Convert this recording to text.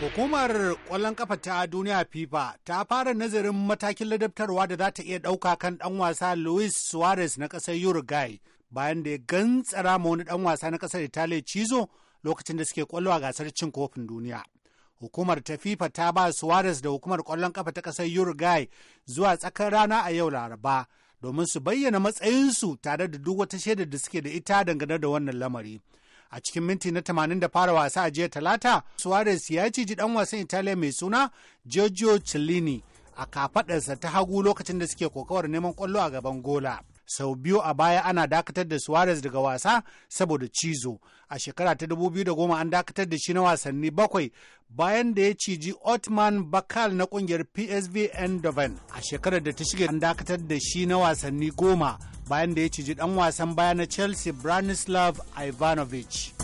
Hukumar ƙwallon ƙafa ta duniya FIFA ta fara nazarin matakin ladabtarwa da za ta iya ɗauka kan ɗan wasa Luis Suarez na ƙasar Uruguay bayan da ya gantsara ma wani ɗan wasa na ƙasar Italiya cizo lokacin da suke ƙwallo a gasar cin kofin duniya. Hukumar ta FIFA ta ba Suarez da hukumar ƙwallon ƙafa ta ƙasar Uruguay zuwa tsakar rana a yau Laraba domin su bayyana matsayinsu tare da duk wata shaidar da suke da ita dangane da wannan lamari. a cikin minti na 80 da fara wasa a jiya talata suarez ya ciji dan wasan italiya mai suna giorgio cellini a kafaɗarsa ta hagu lokacin da suke kokawar neman kwallo a gaban gola sau biyu a baya ana dakatar da Suarez daga wasa saboda cizo. A shekara ta dubu biyu da 2010 an dakatar da shi na wasanni bakwai bayan da ya ciji Otman Bakal na kungiyar PSV Eindhoven. A shekarar da ta shiga an dakatar da shi na wasanni goma bayan da ya ciji dan wasan baya na Chelsea Branislav Ivanovic.